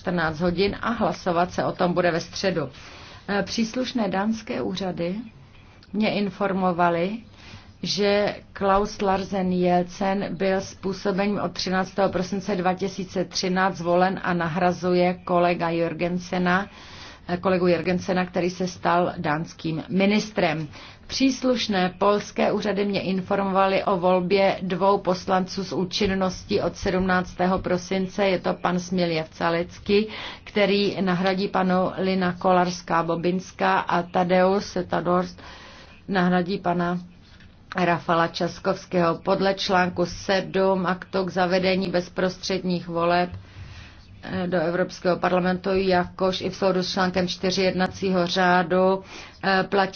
14 hodin a hlasovat se o tom bude ve středu. E, příslušné dánské úřady mě informovali, že Klaus Larsen Jelcen byl způsobením od 13. prosince 2013 zvolen a nahrazuje kolega Jorgensena kolegu Jergensena, který se stal dánským ministrem. Příslušné polské úřady mě informovaly o volbě dvou poslanců s účinností od 17. prosince. Je to pan Smiljev Calecký, který nahradí panu Lina Kolarská-Bobinská a Tadeus Tadorst nahradí pana Rafala Časkovského. Podle článku 7 aktu k zavedení bezprostředních voleb do Evropského parlamentu, jakož i v soudu s článkem 4 jednacího řádu eh, platí